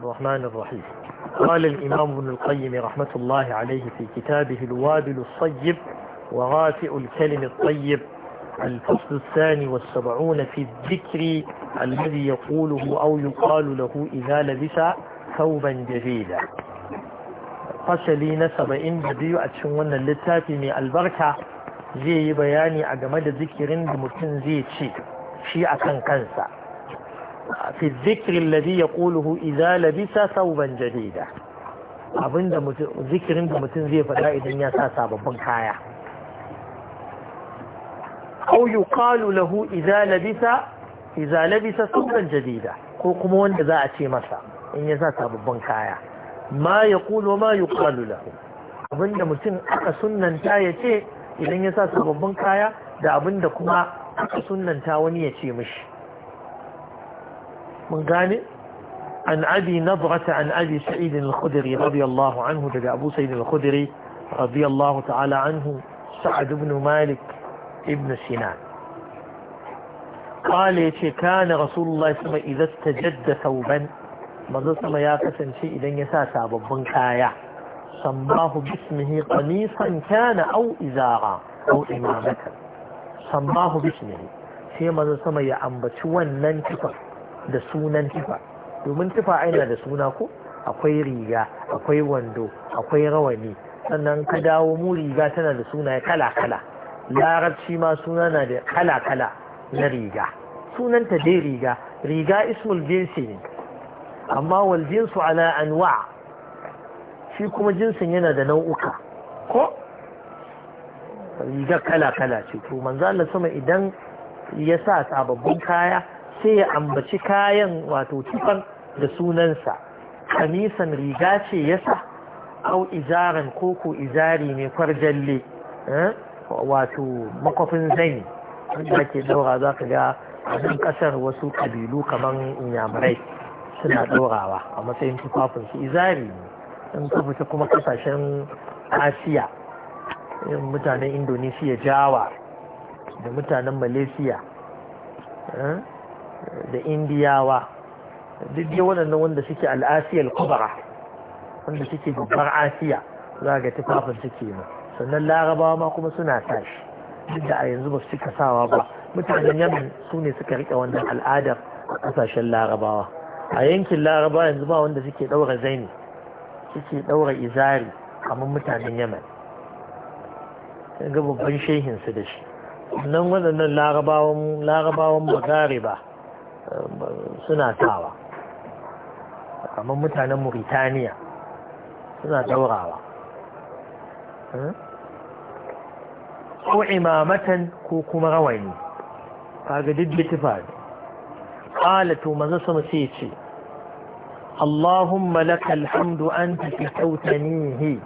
الرحمن الرحيم قال الإمام ابن القيم رحمة الله عليه في كتابه الوابل الصيب ورافع الكلم الطيب الفصل الثاني والسبعون في الذكر الذي يقوله أو يقال له إذا لبس ثوبا جديدا fasali na saba'in da biyu a cikin wannan littafi mai albarka zai yi bayani a game da zikirin da mutum zai ce shi a kan kansa fi zikirin ladi ya ƙuluhu iza labisa sauban jadida abin da zikirin da mutum zai faɗa idan ya sa sababbin kaya au yi ƙalu lahu iza labisa sauban jadida ko kuma wanda za a ce masa in ya sa sababbin kaya ma ya ƙulu ma yi ƙalu lahu abin mutum aka sunanta ya ce idan ya sa sababbin kaya da abinda kuma aka sunanta wani ya ce mishi من قال عن أبي نضرة عن أبي سعيد الخدري رضي الله عنه جد أبو سعيد الخدري رضي الله تعالى عنه سعد بن مالك ابن سنان قال كان رسول الله صلى الله عليه وسلم إذا استجد ثوبا ماذا صلى يا كسن شيء إذا يساسا ببن كايا سماه باسمه قميصا كان أو إزارا أو إمامة سماه باسمه sai ماذا sama ya ambaci كفر da sunan tufa domin tufa aina da suna ko akwai riga akwai wando akwai rawani sannan ka dawo mu riga tana da sunaye kala-kala larabci ma suna na da kala-kala na riga sunanta dai riga riga ismul jinsi ne amma wal jinsu ala anwa shi kuma jinsin yana da nau'uka ko riga kala-kala ce to manzo Allah sama idan ya sa sababbin kaya sai ya ambaci kayan wato tufan da sunansa kamisan riga ce yasa au izaran koko izari mai kwarjalle eh, wato makwafin zani wanda ke daura za ka ga abin kasar wasu kabilu kamar inyamurai suna daurawa a matsayin tufafinsu izari ne in ka fita kuma kasashen asiya mutanen indonesiya jawa da mutanen malaysia eh. da indiyawa duk dai waɗannan wanda suke al'asiyar kubara wanda suke babbar asiya za ga tufafin suke nan sannan larabawa ma kuma suna tashi duk da a yanzu ba su cika sawa ba mutanen yamin su ne suka rike wannan al'adar a ƙasashen larabawa a yankin laraba yanzu ba wanda suke ɗaura zaini suke ɗaura izari kamar mutanen yamin ga babban shehinsu da shi nan waɗannan larabawan larabawan magariba suna sawa kamar mutanen Mauritania suna daurawa hmm? ko imamatan ko kuma rawani kaga didditi ba ƙalato mazan sama sai ce Allahumma laka alhamdu an tafi sautanihi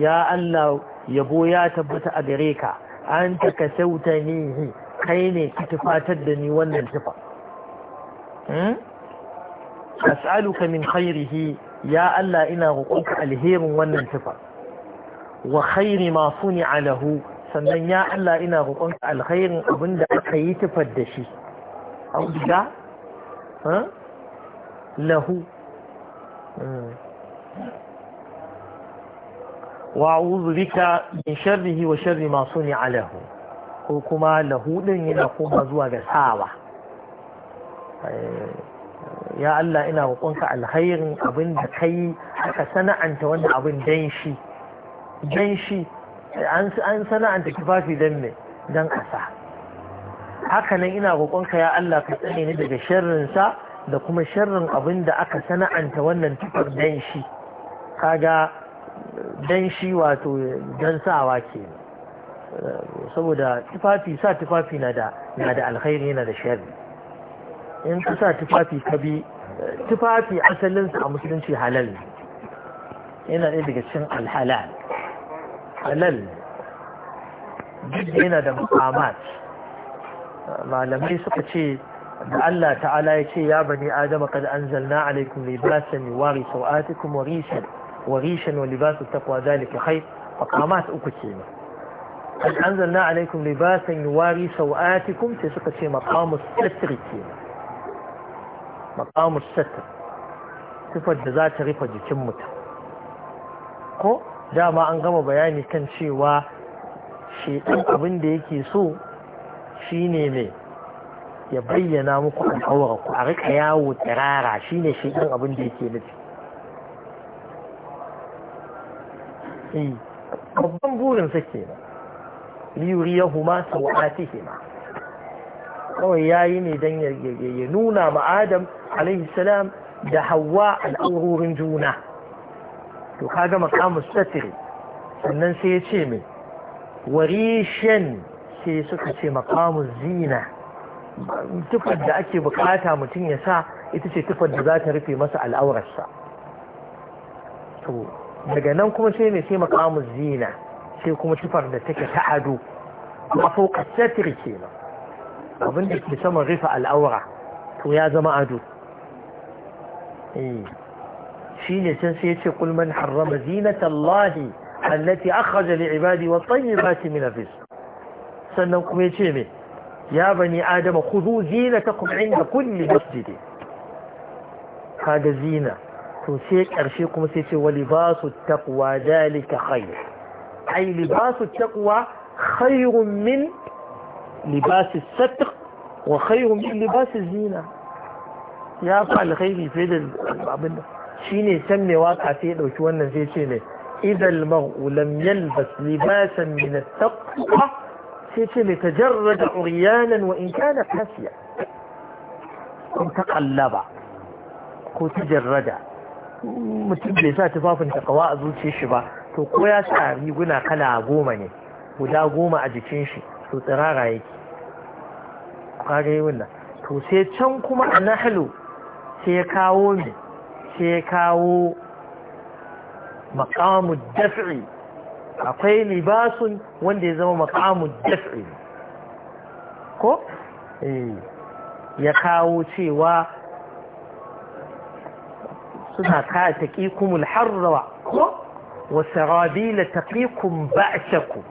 ya Allah yabo ya tabbata a gareka an taka sautanihi kai ne ki tufatar da ni wannan tufa Hmm? as'aluka min khairihi ya Allah ina roƙonka alherin wannan tufa wa khairi ma suni'a lahu sannan ya Allah ina roƙonka alherin abinda da aka yi tufar da shi auduga hmm? lahu hmm. Wa a'udhu bika min sharrihi wa sharri ma suni'a lahu ko kuma lahu din yana koma zuwa ga sawa Eh, ya Allah ina roƙonka alkhairin abin da kai aka sana'anta wannan abin dan shi dan shi an sana'anta tufafi dan me dan asa hakanan ina roƙonka ya Allah ka tsane ni daga sharrin sa da kuma sharrin abin da aka sana'anta wannan tufar dan shi kaga dan shi wato dan sawa ke eh, saboda tufafi sa tufafi na da na da alkhairi yana da sharri in ka sa tufafi ka bi tufafi asalinsa a musulunci halal yana ɗaya daga cin alhalal halal duk yana da mu'amat malamai suka ce da Allah ta'ala ya ce ya bani adama kad anzalna alaikum libasan yuwari sawatikum kuma rishan wa rishan wa libasu taqwa zalika khair maqamat uku kenan kad anzalna alaikum libasan yuwari sawatikum sai suka ce maqamus satri kenan maqamu satr sifar da za ta rufe jikin mutum ko dama an gama bayani kan cewa shekan abin da yake so shi ne mai ya bayyana muku al'aura ku a rika yawo tsirara shine ɗan abin da yake nufi eh, babban burin sa kenan ke ma kawai yayi ne dan ya nuna ma Adam alaihi salam da Hauwa al'aurorin juna to kaga makamu satiri sannan sai ya ce mai warishen sai suka ce makamu zina tufar da ake bukata mutum ya sa ita ce tufar da za ta rufe masa al'aurarsa to daga nan kuma sai mai sai makamu zina sai kuma tufar da take ta ado a fauka satiri kenan abin da ke saman rufe al'aura to ya zama ado shi ne can sai ya ce kulman harrama zinatallahi allati akhraja li ibadi wa tayyibati min rizq sannan kuma ya ce me ya bani adama khudhu zinatakum inda kulli masjid kaga zina to sai karshe kuma sai ce walibasu taqwa dalika khair ai libasu taqwa khairun min لباس الستق وخير من لباس الزينة يا فعل في فيد بعضنا شيني سمي واقع فيه لو شوانا في شيني إذا المرء لم يلبس لباسا من التقوى في شيني تجرد عريانا وإن كان حسيا انتقلب كو تجرد متبلي سا تفاف انتقواء ذو شي شبا تو قويا شعر يقولنا قلع قومني ودا قوم أجي شنشي تو ترارا kaga wannan to sai can kuma a nahlu sai ya kawo ne sai ya kawo maqamu daf'i akwai libasun wanda ya zama maqamu daf'i ko eh, ya kawo cewa suna ka taqikumul harra ko wa sarabila taqikum ba'sakum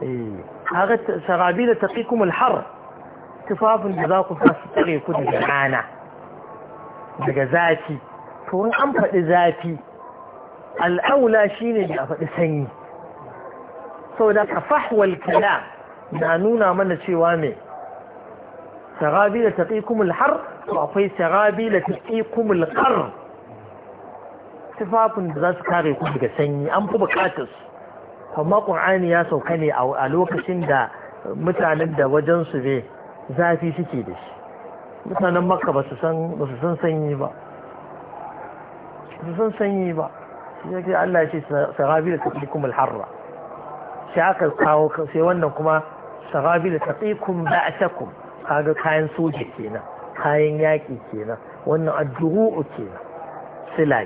kaga sarabila taqikum al-har za ku sa su tsare ku rana daga zafi to an faɗi zafi al'aula shine da a faɗi sanyi saboda ka fahwal kalam na nuna mana cewa me sarabila taqikum akwai sarabila da za su kare ku daga sanyi an fi amma ƙur'ani ya sauka ne a lokacin da mutanen da wajen su ne zafi suke da shi mutanen makka ba su san sanyi ba ba san sanyi ba ya ce Allah ce sarabi da taƙikum alharra sai aka kawo sai wannan kuma sarabi da taƙikum ba'atakum kaga kayan soja kenan kayan yaki kenan wannan addu'u kenan sila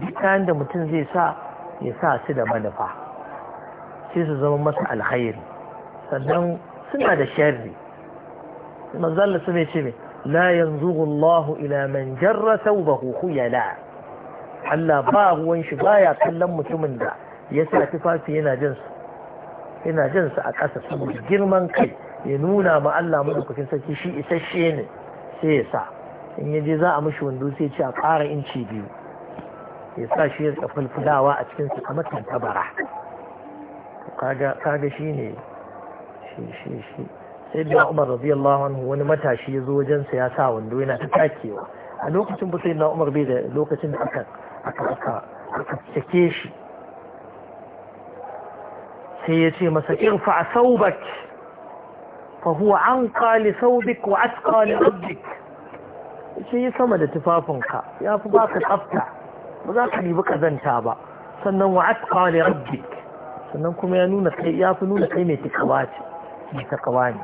duk kayan da mutum zai sa ya sa su da manufa sai su zama masa alkhairi sannan suna da sharri manzalla su mai ce mai la yanzu Allah ila man jarra thawbahu khuyala Allah ba ruwan shi baya kallon mutumin da ya sa tufafi yana jin su yana jin su a ƙasa saboda girman kai ya nuna ma Allah madaukakin sarki shi isasshe ne sai ya sa in ya je za a mishi wando sai ce a ƙara inci biyu ya sa shi ya fulfulawa a cikin su kamar tantabara kaga shi ne shi shi shi sai da umar radiyallahu anhu wani matashi ya zo wajen sa ya sa wando yana ta takewa a lokacin ba sai na umar bai da lokacin da aka aka aka aka cike shi sai ya ce masa irfa saubak fa huwa anqa li saubik wa atqa li rabbik sai ya sama da tufafinka ya fi baka tsafta ba za ka ribi kazanta ba sannan wa atqa li rabbik sannan kuma ya nuna kai ya fi nuna kai mai takawa ce mai takawa ne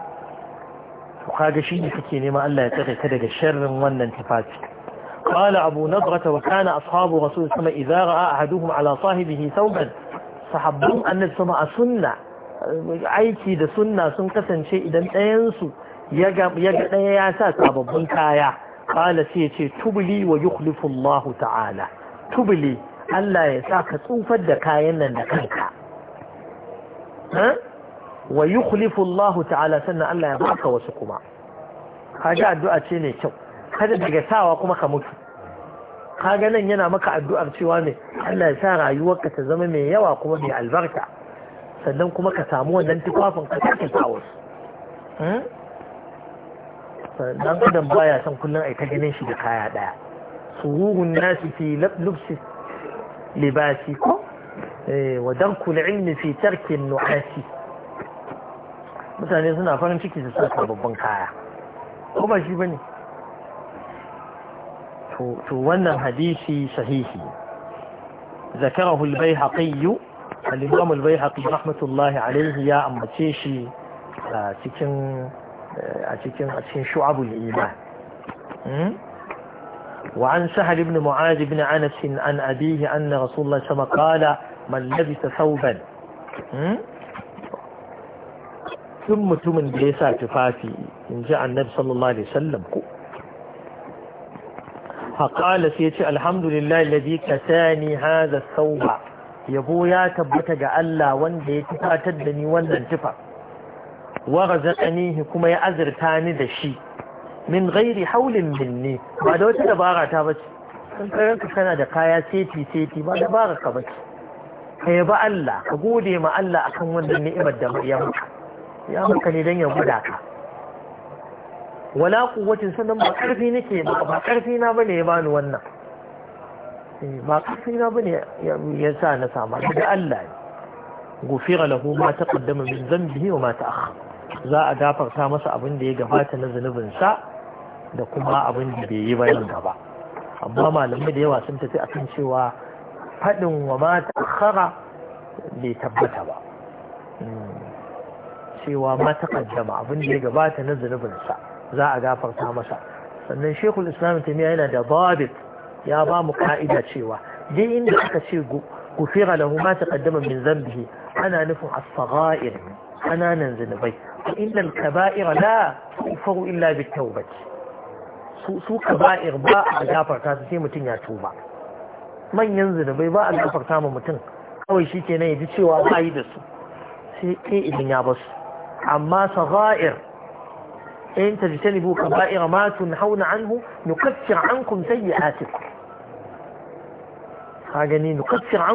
to kaga shi ne kake nema Allah ya tsare ka daga sharrin wannan tufafi qala abu nadrata wa kana ashabu rasul sama idza ra'a ahaduhum ala sahibihi thawban sahabbun annabi sama a aiki da sunna sun kasance idan ɗayansu ya ga ɗaya ya sa sababbin kaya qala sai ya ce tubli wa yukhlifu ta'ala tubuli Allah ya sa ka tsufar da kayan nan da kanka wa yukhlifu Allah ta'ala sannan Allah ya baka wasu kuma kaga addu'a ce ne kyau kada daga sawa kuma ka mutu kaga nan yana maka addu'ar cewa ne Allah ya sa rayuwarka ta zama mai yawa kuma mai albarka sannan kuma ka samu wannan tufafin ka sake wasu Sannan adam baya san kullum ai ta ganin shi da kaya daya sururun nasi fi labsi libasi ko إيه، ودرك العلم في ترك النعاس مثلا suna farin شكي su saka babban kaya ko ba shi bane to ذكره البيهقي الإمام البيهقي رحمة الله عليه يا أم تيشي أتكن آه، أتكن آه، أتكن شعب الإيمان وعن سهل بن معاذ بن أنس عن أبيه أن رسول الله صلى الله عليه وسلم قال man labisa sauban hmm? duk mutumin da ya sa tufafi in ji annabi sallallahu alaihi wasallam ko faƙala sai ce alhamdulillah ladi ka sani haza sauba yabo ya tabbata ga Allah wanda ya tufatar da ni wannan tufa wa razaqanihi kuma ya azurta ni da shi min gairi haulin minni ba da wata dabara ta bace kan kana da kaya seti seti ba dabara ka bace ka yaba Allah ka gode ma Allah akan wannan ni'imar da ya maka ya maka ne dan ya guda ka wala kuwatin sannan ba karfi nake ba ba karfi na bane ya bani wannan eh, ba karfi na bane ya sa na sama daga Allah ne gufira lahu ma taqaddama min dhanbihi wa ma ta'akhkhara za a gafarta masa abin da ya gabata na zunubinsa da kuma abin da bai yi ba nan gaba amma malamai da yawa sun tafi akan cewa faɗin wa mata ta'akhara bai tabbata ba cewa ma kaddama abin da ya gabata na zunubinsa za a gafarta masa sannan shekul islam taimiyya yana da babit ya ba mu ka'ida cewa dai inda aka ce gufira lahu ma taqaddama min zambihi ana nufin as-sagha'ir kananan zunubai inna al-kaba'ira la tughfaru illa bit-tawbah su su kaba'ir ba a gafarta sai mutun ya tuba manyan zunubai ba a gafarta ma mutum kawai shi ke nan ya cewa ba yi da su sai ke idan ya basu amma sagha'ir in tajtanibu kaba'ir ma tunhauna anhu nukaffir ankum sayyi'atikum ka gani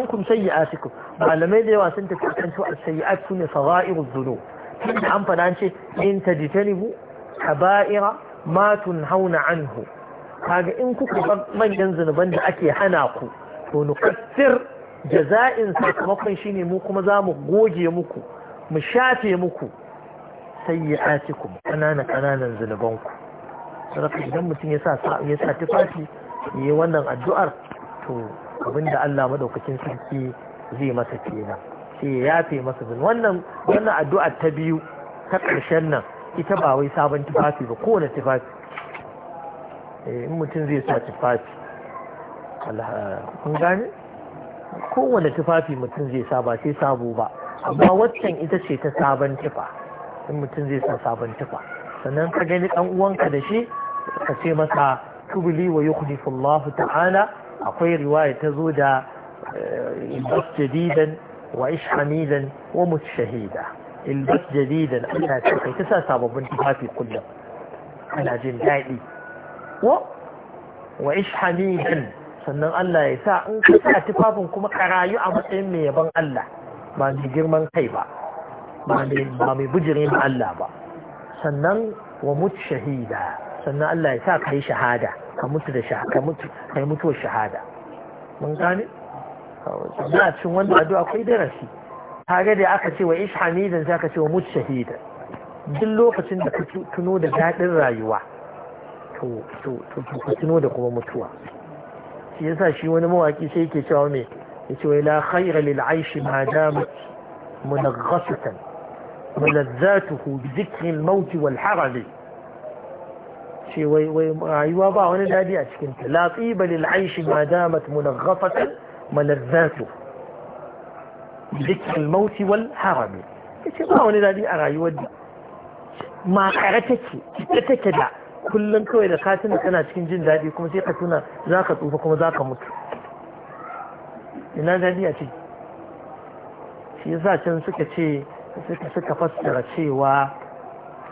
kun sayi atiku malamai da yawa sun tafi kan cewa sayyi'at sune sagha'iruz dhunub tunda an fada an ce in matu kaba'ira hauna tunhauna anhu kaga in kuka bar manyan zunuban da ake hana ku to nukassir jaza'in sakamakon shine mu kuma za mu goge muku mu shafe muku sayyi'atikum ƙananan zunuban ku. Sarki idan mutum ya sa ya sa tufafi yi wannan addu'ar to abinda Allah madaukakin sarki zai masa kenan sai ya yafe masa zun wannan wannan addu'ar ta biyu ta ƙarshen nan ita ba wai sabon tufafi ba kowane tufafi Eh, in mutum zai sa tufafi kun gane kowane tufafi mutum zai sa ba sai sabo ba amma waccan ita ce ta sabon tufa in mutum zai sa sabon tufa sannan ka gani ɗan uwanka da shi ka ce masa tubuli wa yukhlifu ta'ala akwai riwaya ta zo da eh, ilbas jadidan wa ish hamidan wa mut ilbas jadidan Allah ta kai ta sa sababbin tufafi kullum ana jin daɗi ko wa ish sannan Allah ya sa in ka sa tufafin kuma ka rayu a matsayin mai yaban Allah ba mai girman kai ba ba mai bujire ma Allah ba sannan wa mutu shahida sannan Allah ya sa ka yi shahada ka mutu da ka mutu kai mutuwar shahada mun gane Na cin wanda wannan akwai darasi kaga da aka ce wa ish hamidan sai aka ce wa mutu shahida duk lokacin da ka tuno da daɗin rayuwa to tuno da kuma mutuwa shi yasa shi wani mawaki sai yake cewa me yace wai la khayra lil aishi ma damat munaghasatan mulazzatuhu bi dhikri al maut wal harab shi wai wai rayuwa ba wani dadi a cikin ta la tiba lil aishi ma damat munaghasatan mulazzatuhu bi dhikri al maut wal harab yace ba wani dadi a rayuwar ma kare take ita take da kullum kawai da ka tuna kana cikin jin daɗi kuma sai ka tuna za ka tsufa kuma za ka mutu ina daɗi a ciki shi yasa can suka ce suka suka fassara cewa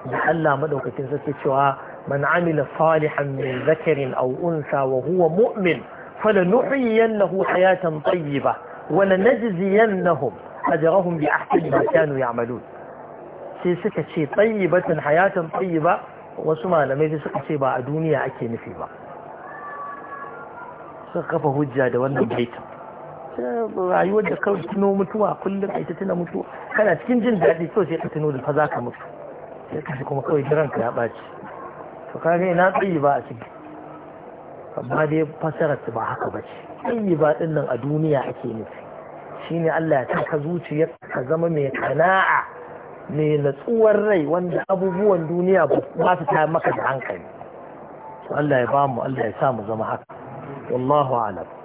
da Allah madaukakin sarki cewa man amila salihan min zakarin aw unsa wa huwa mu'min falanuhyiyannahu hayatan tayyiba wa lanajziyannahum ajrahum bi ahsani ma kanu ya'malun sai suka ce tayyibatun hayatan tayyiba wasu malamai da suka ce ba a duniya ake nufi ba suka kafa hujja da wannan baitin rayuwar da kawai tuno mutuwa kullum a ta tuna mutuwa kana cikin jin daɗi kawai sai ka tuno da fa za ka mutu sai ka kuma kawai jiran ka ya ɓaci to ka ga na tsayi ba a ciki amma dai fasarar ba haka ba ce tsayi ba ɗin nan a duniya ake nufi shine Allah ya ka zuciyar ka zama mai kana'a mai natsuwar rai wanda abubuwan duniya ba su ta maka da hankali Allah ya ba mu Allah ya sa mu zama haka wallahu a'lam